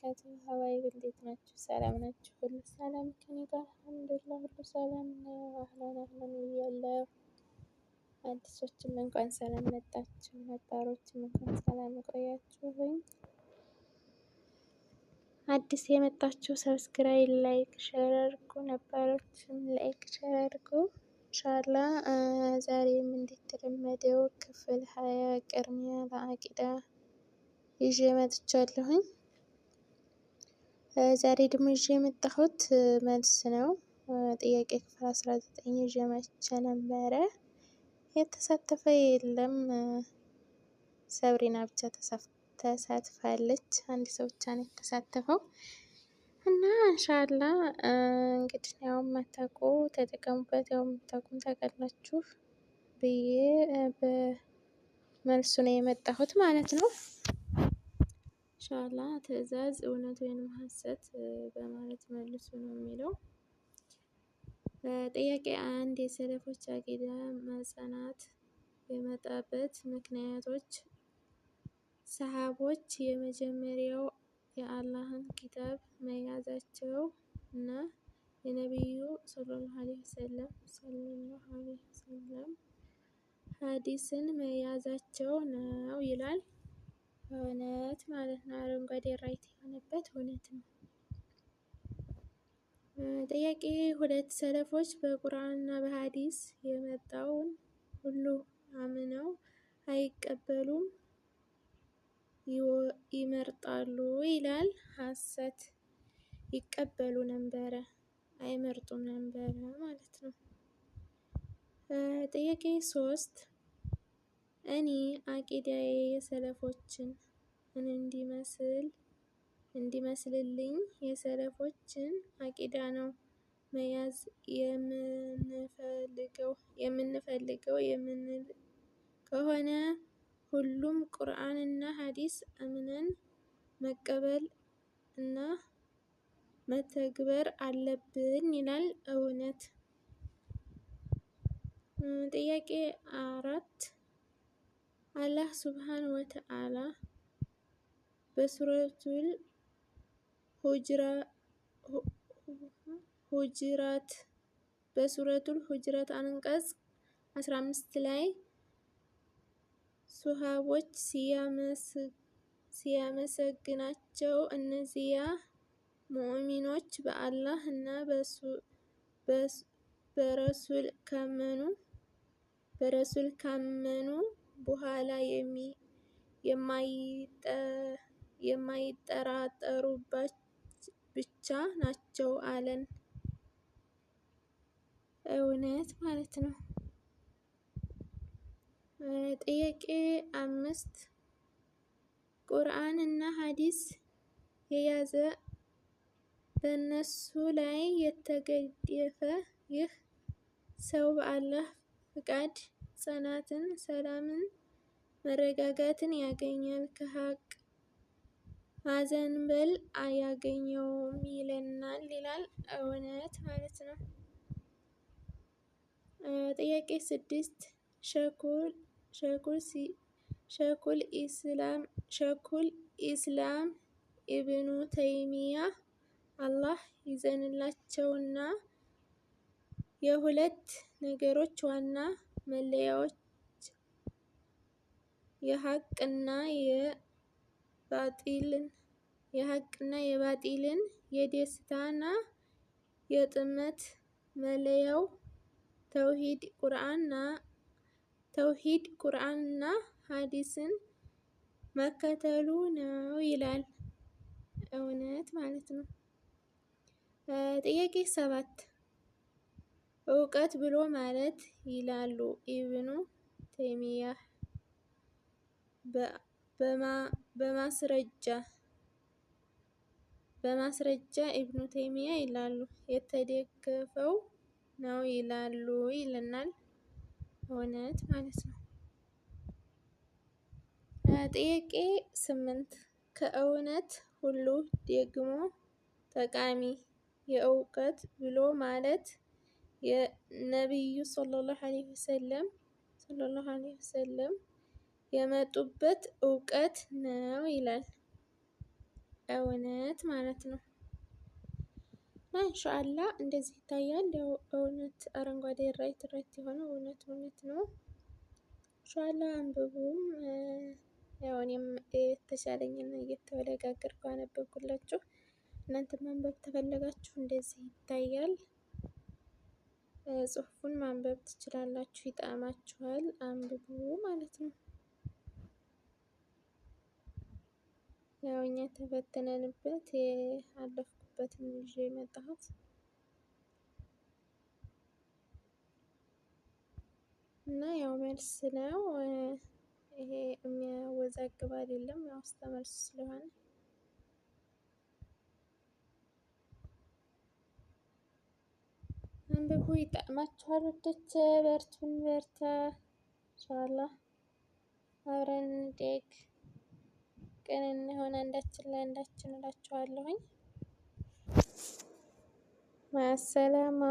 በረከቱ ሀዋይ እንዴት ናችሁ? ሰላም ናችሁ? ሁሉ ሰላም ከኔ ጋር አልሐምዱሊላህ፣ ሁሉ ሰላም ነው። አህላን አህላን እያለው አዲሶችም እንኳን ሰላም መጣችሁ፣ ነባሮችም እንኳን ሰላም ቆያችሁኝ። አዲስ የመጣችሁ ሰብስክራይብ፣ ላይክ፣ ሸር አድርጉ። ነባሮችም ላይክ፣ ሸር አድርጉ። ኢንሻላ ዛሬም እንደተለመደው ክፍል ሀያ ቅድሚያ ለአቂዳ ይዤ መጥቻለሁኝ። ዛሬ ደግሞ ይዤ የመጣሁት መልስ ነው። ጥያቄ ክፍል 19 ይዤ ነበረ። የተሳተፈ የለም ሰብሪና ብቻ ተሳትፋለች። አንድ ሰው ብቻ ነው የተሳተፈው እና እንሻላ እንግዲህ ያው መታቁ ተጠቀሙበት፣ ያው መታቁም ታውቃላችሁ ብዬ በመልሱ ነው የመጣሁት ማለት ነው። ሻላ ትዕዛዝ እውነት ወይንም ሀሰት በማለት መልሱ ነው የሚለው። ጥያቄ አንድ የሰለፎች አቂዳ መጽናት የመጣበት ምክንያቶች ሰሃቦች የመጀመሪያው የአላህን ኪታብ መያዛቸው እና የነቢዩ ሰለላሁ ዐለይሂ ወሰለም ሰለላሁ ዐለይሂ ወሰለም ሀዲስን መያዛቸው ነው ይላል። እውነት ማለት ነው። አረንጓዴ ራይት የሆነበት እውነት ነው። ጥያቄ ሁለት ሰለፎች በቁርአንና በሀዲስ የመጣውን ሁሉ አምነው አይቀበሉም ይመርጣሉ ይላል። ሀሰት ይቀበሉ ነበረ አይመርጡም ነበረ ማለት ነው። ጥያቄ ሶስት እኔ አቂዳዬ የሰለፎችን እንዲመስል እንዲመስልልኝ የሰለፎችን አቂዳ ነው መያዝ የምንፈልገው የምንፈልገው የምንል ከሆነ ሁሉም ቁርአን እና ሐዲስ አምነን መቀበል እና መተግበር አለብን ይላል። እውነት ጥያቄ አራት አላህ ስብሓን ወተዓላ በሱረቱል ሁጅራት በሱረቱል ሁጅራት አንቀጽ 15 ላይ ሱሃቦች ሲያመሰግናቸው እነዚያ ሙእሚኖች በአላህ እና በረሱል ካመኑ በኋላ የማይጠራጠሩባት ብቻ ናቸው አለን። እውነት ማለት ነው። ጥያቄ አምስት ቁርአን እና ሀዲስ የያዘ በእነሱ ላይ የተገደፈ ይህ ሰው በአላህ ፍቃድ ጽናትን፣ ሰላምን፣ መረጋጋትን ያገኛል። ከሀቅ ማዘንበል አያገኘውም ይለናል ይላል። እውነት ማለት ነው። ጥያቄ ስድስት ሸኩል ኢስላም ሸኩል ኢስላም ኢብኑ ተይሚያ አላህ ይዘንላቸውና የሁለት ነገሮች ዋና መለያዎች የሀቅና የባጢልን የሀቅና የባጢልን የደስታና የጥመት መለያው ተውሂድ ቁርአንና ተውሂድ ቁርአንና ሀዲስን መከተሉ ነው ይላል። እውነት ማለት ነው። ጥያቄ ሰባት እውቀት ብሎ ማለት ይላሉ ኢብኑ ተይሚያ በማስረጃ በማስረጃ ኢብኑ ተይሚያ ይላሉ የተደገፈው ነው ይላሉ ይለናል። እውነት ማለት ነው። ጥያቄ ስምንት ከእውነት ሁሉ ደግሞ ጠቃሚ የእውቀት ብሎ ማለት የነቢዩ ሰለላሁ ዐለይሂ ወሰለም ሰለላሁ ዐለይሂ ወሰለም የመጡበት እውቀት ነው ይላል። እውነት ማለት ነው። እና እንሻአላ እንደዚህ ይታያል። ያው እውነት አረንጓዴ ራይት ራይት የሆነ እውነት እውነት ነው። እንሻአላ አንብቡም። ያው እኔም የተሻለኝን እየተወለጋገርኩ አነበብኩላችሁ። እናንተ ማንበብ ተፈለጋችሁ እንደዚህ ይታያል። ጽሑፉን ማንበብ ትችላላችሁ። ይጣማችኋል፣ አንብቡ ማለት ነው። ያው እኛ ተፈተነንበት የአለፍኩበትን ይዤ የመጣሁት እና ያው መልስ ነው። ይሄ የሚያወዛግብ አይደለም፣ ያው ስተመልሱ ስለሆነ አንብቡ፣ ይጠቅማችኋል። ወደች በርቱን፣ በርታ ሻላ አብረን ደግ ቅን እንሆን አንዳችን ለአንዳችን እላችኋለሁኝ። ማሰላማ